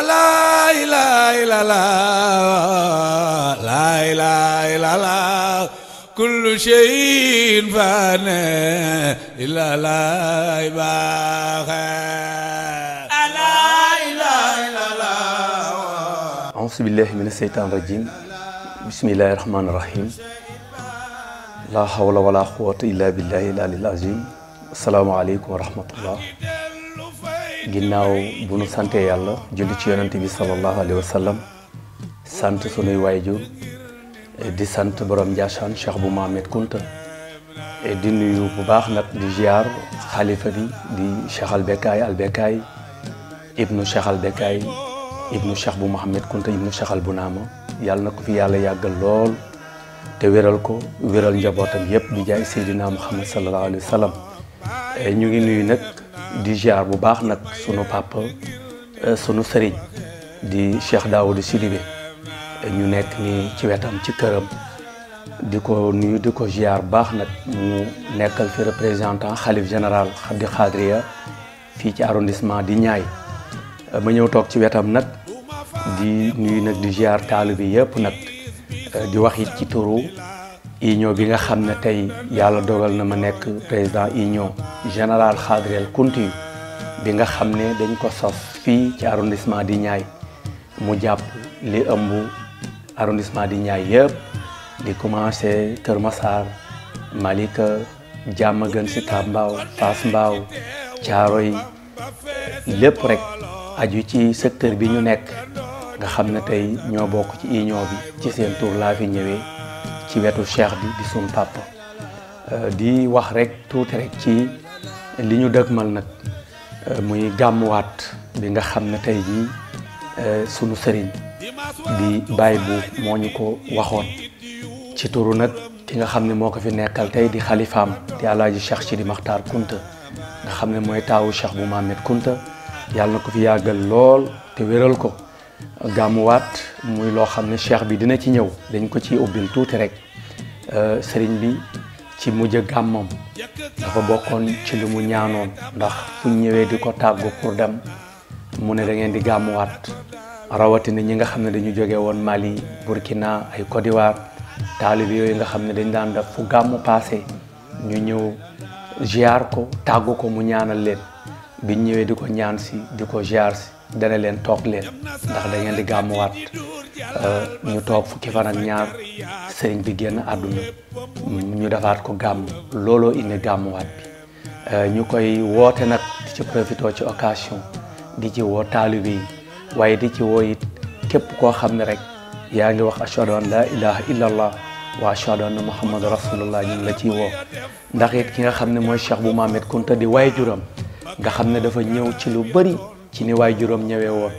لا إله إلا الله لا إله إلا الله كل شيء فانا إلا لا إله لا إله إلا الله أعوذ بالله من الشيطان الرجيم بسم الله الرحمن الرحيم لا حول ولا قوة إلا بالله العلي العظيم السلام عليكم ورحمة الله ginnaaw bu nu sante yàlla julli ci yonante bi sallallahu alayhi wa sallam sant sunuy waayjur di sant borom Ndiassane Cheikh bu Mohamed Kunta di nuyu bu baax nag di ziar xalifa bi di Cheikh Albekaay Albekaay ibnu Cheikh Albekaay ibnu Cheikh bu Mohamed Kunta ibnu Cheikh Albunaama yàlla na ko fi yàlla yàggal lool te wéral ko wéral njabootam yépp di jaay Seydina Muhammad sallallahu alayhi wa ñu ngi nuyu nag di ziar bu baax nak sunu papa euh, sunu serigne di Cheikh Daoud ñu ni ci wétam ci kërëm khalif nuyu diko ziar bu baax nak mu nekkal représentant Khalif général di khadriya fi ci arrondissement di ñaay ma tok ci wétam nak di nuyu nak di ziar talibi union bi nga xam ne tey yàlla dogal na ma nekk président union général Khadriel Kounti bi nga xam ne dañ ko sos fii ci arrondissement di Niayes mu jàpp li ëmb arrondissement di Niayes yëpp di commencé Kër Massar Malika Diamaguène Sicap Mbao Fass Mbao Thiaroye lépp rek aju ci secteur bi ñu nekk nga xam ne tey ñoo bokk ci union bi ci seen tour laa fi ñëwee ci wetu cheikh bi di suñ papa euh, di wax rek tuuti rek ci li ñu dëgmal nag euh, muy gàmmuwaat bi nga xam ne tey jii euh, sunu sëriñ di bàyyi bu moo ñu ko waxoon ci turu nag ki nga xam ne moo ko fi nekkal tey di xalifaam di ji cheikh ci di maxtaar kunta nga xam ne mooy taawu cheikh bu Mohamed kunta yàlla na ko fi yàggal lool te wéral ko gàmmuwaat muy loo xam ne cheikh bi dina ci ñëw dañ ko ciy ubbil tuuti rek euh, sëriñ bi ci mujj gàmmam dafa bokkoon ci li mu ñaanoon ndax fuñ ñëwee di ko tàggu pour dem mu ne dangeen di gàmmuwaat rawatina ñi nga xam ne dañu jóge woon Mali Burkina ay Côte d'Ivoire taalib yooyu nga xam ne dañ daan daf fu gàmmu passé ñu ñëw ziar ko tàggu ko mu ñaanal leen biñ ñëwee di ko ñaan si di ko ziar si dana leen toog leen ndax da ngeen di gàmmuwaat euh, ñu toog fukki fan ak ñaar sëriñ bi génn àdduna ñu defaat ko gàmm looloo indi gàmmuwaat bi euh, ñu koy woote nag di ci profité ci occasion di ci woo taalibe yi waaye di ci woo yit képp koo xam ne rek yaa ngi wax ashhadu an laa ilaha illa allah wa ashhadu anna muhammadu rasulullah ñu ngi la ciy woo ndax it ki nga xam ne mooy cheikh bu Mamed Kunta di waaye juram nga xam ne dafa ñëw ci lu bëri ci ni waay juróom ñëwee woon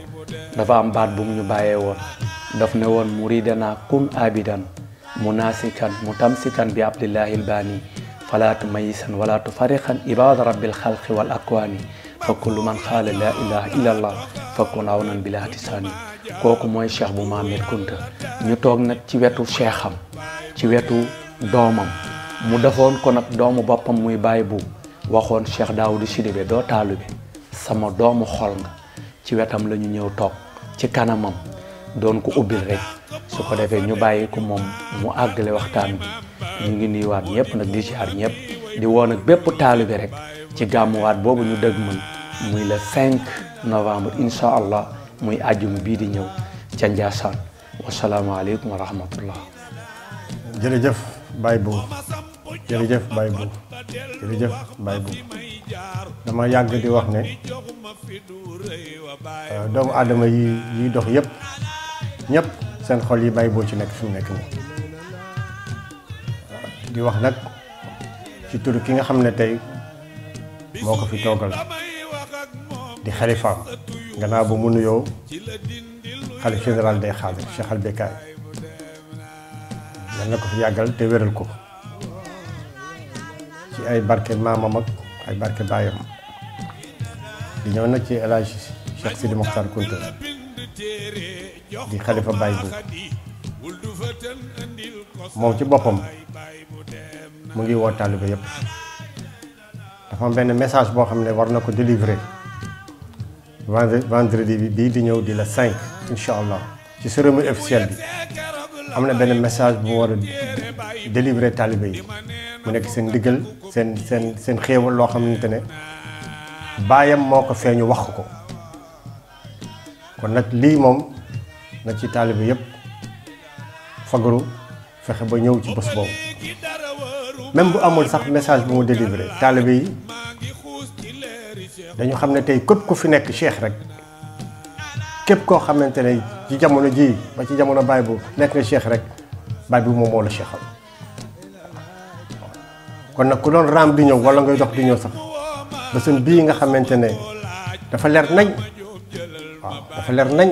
dafa am baat bum ñu bàyyee woon daf ne woon muridana kum abidan munasikan mutamsikan bi abdillahi ilbaani falaatu mayisan walaatu fariqan ibada rabbil xalqi wal akwaani fa kullu man xaala laa ilaha illa allah fakkun aw nan bila tisaani kooku mooy cheikh bu Maamir Kunta ñu toog nag ci wetu cheikham ci wetu doomam mu defoon ko nag doomu boppam muy bàyyi bu waxoon cheikh Daawudu Sidibe doo taalu bi sama doomu xol nga ci wetam lañu ñëw toog ci kanamam doon ko ubbil rek su ko defee ñu bàyyi ko moom mu àggale waxtaan bi ñu ngi nuyuwaat ñëpp nag di ziar ñëpp di woon ak bépp bi rek ci gàmmuwaat boobu ñu dëgg mën muy la 5 novembre incha allah muy àjjuma bii di ñëw ca Ndiassane wasalaamaaleykum wa rahmatullah. jërëjëf Baye Bou jërëjëf Baye Bou dama yàgg di wax ne euh, doomu aadama yi yiy dox yépp ñëpp seen xol yi bàyyi boo ci nekk fi mu nekk nii euh, di wax nag ci turu ki nga xam ne tey moo ko fi toogal di xalifaam gannaaw bu mu nuyoo xalif général day xaadir Cheikh Al Becaye ko fi yàggal te wéral ko ci ay barke maamam ak ay barke baayam di ñëw nag ci El Hadj Cheikh Sidi Mokhtar Kounta di xalifa Baye Buur moom ci boppam mu ngi woo taalibe yépp dafa am benn message boo xam ne war na ko délivrer vendredi bi bii di ñëw di la cinq incha allah ci cérémonie officielle bi am na benn message bu war a délivrer taalibe yi mu nekk seen ndigal seen seen seen xéewal loo xamante ne baayam moo ko feeñu wax ko kon nag lii moom na ci taalibe yépp fagaru fexe ba ñëw ci bés boobu même bu amul sax message bu mu délivré taalibe yi dañu xam ne tey képp ku fi nekk cheikh rek képp koo xamante ne ci jamono jii ba ci jamono baay bu nekk nga cheikh rek baay bi moom moo la cheikhal kon nag ku doon raam di ñëw wala ngay dox di ñëw sax ba bii nga xamante ne dafa leer nañ waaw dafa leer nañ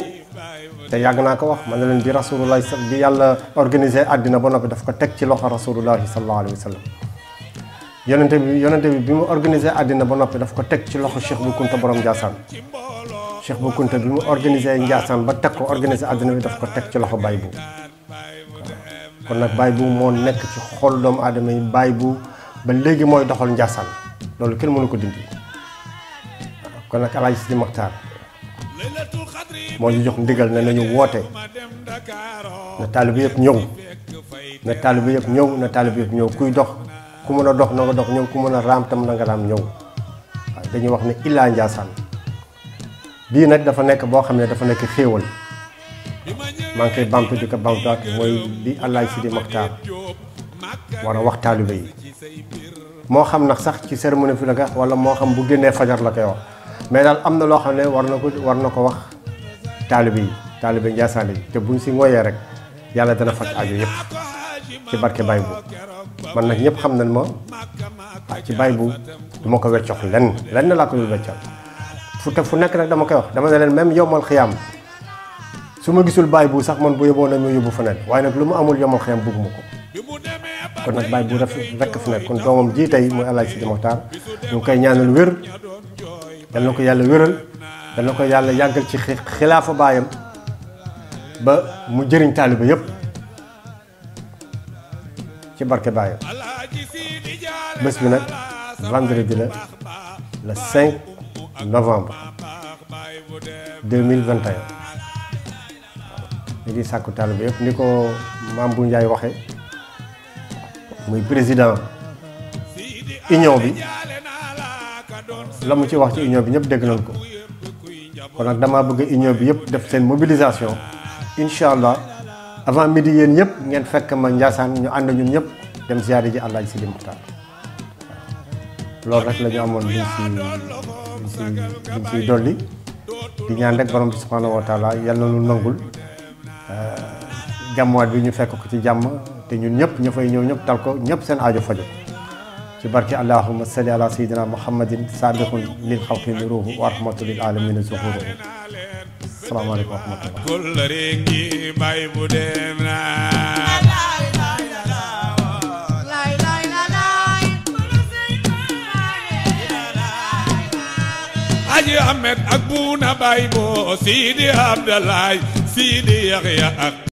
te yàgg naa ko wax man na leen bi rasulullahi sax bi yàlla organisé àddina ba noppi daf ko teg ci loxo rasulullahi sallallahu alayhi wa sallam yonente bi yonente bi bi mu àddina ba noppi daf ko teg ci loxo Cheikh Bou Kounta borom Ndiassane Cheikh Bou Kounta bi mu organisé Ndiassane ba teg ko organisé àddina bi daf ko teg ci loxo Baye Bou kon nag Baye Bou moo nekk ci xol doomu aadama yi Baye Bou ba léegi mooy doxal Ndiassane loolu kenn mënu ko dindi waaw nag alaaji si maxtaar moo ñu jox ndigal ne nañu woote na taalibe yëpp ñëw na taalibe yëpp ñëw na taalibe yëpp ñëw kuy dox ku mën a dox na nga dox ñëw ku mën a raam tam na nga raam ñëw waaw dañuy wax ne illaa Njaasaan bii nag dafa nekk boo xam ne dafa nekk xéewal maa ngi koy bamtu di ko bamtuwaat mooy bi alaaji si maxtaar war a wax taalibe yi moo xam nag sax ci cérémonie fi la wala moo xam bu génnee fajar la koy wax mais daal am na loo xam ne war na ko war na ko wax taalibe yi taalibe Njaasaan yi te buñ si ngooyee rek yàlla dana faj aajo yëpp ci barke Baye Bou man nag ñëpp xam nañ ma ci Baye Bou du ma ko weccox lenn lenn laa ko dul weccox fu te fu nekk nag dama koy wax dama ne leen même yomal xiyaam su ma gisul Baye Bou sax man bu yóbboo na mu yóbbu feneen waaye nag lu mu amul yomal xiyaam bëgguma kon nag bàyyi bu rekk fi nekk kon doomam ji tey mooy Alaaji Sidi Moxtaar ñu ngi koy ñaanal wér dal ko yàlla wéral dal ko yàlla yàggal ci xilaafa baayam ba mu jëriñ taaliba yépp ci barke baayam bés bi nag vendredi la le 5 novembre 2021 li taaliba yépp ni ko maam bu Njaay waxee muy président union bi la mu ci wax ci union bi ñëpp dégg nañ ko kon nag damaa bëgg union bi yëpp def seen mobilisation incha allah avant midi yéen ñëpp ngeen fekk ma Ndiassane ñu ànd ñun ñëpp dem ziare ji Alaaji Sidi Muxtaar loolu rek la amoon luñ si luñ si luñ siy dolli di ñaan rek borom bi subhaanahu wa yàlla na ñu nangul euh, jàmmuwaat bi ñu fekk ko ci jàmm. te ñun ñëpp ñafay ñëw ñëpp tal ko ñëpp seen aajo fajo ci barki allahumma salli ala sayyidina muhammadin saabixun lil xalqi nuruhu wa rahmatu lil alamina zuhuruhu salaamaaleykum wa rahmatullah kulla réegi bay bu dem naa Aji Ahmed ak Buna Sidi Abdallah Sidi Yaxya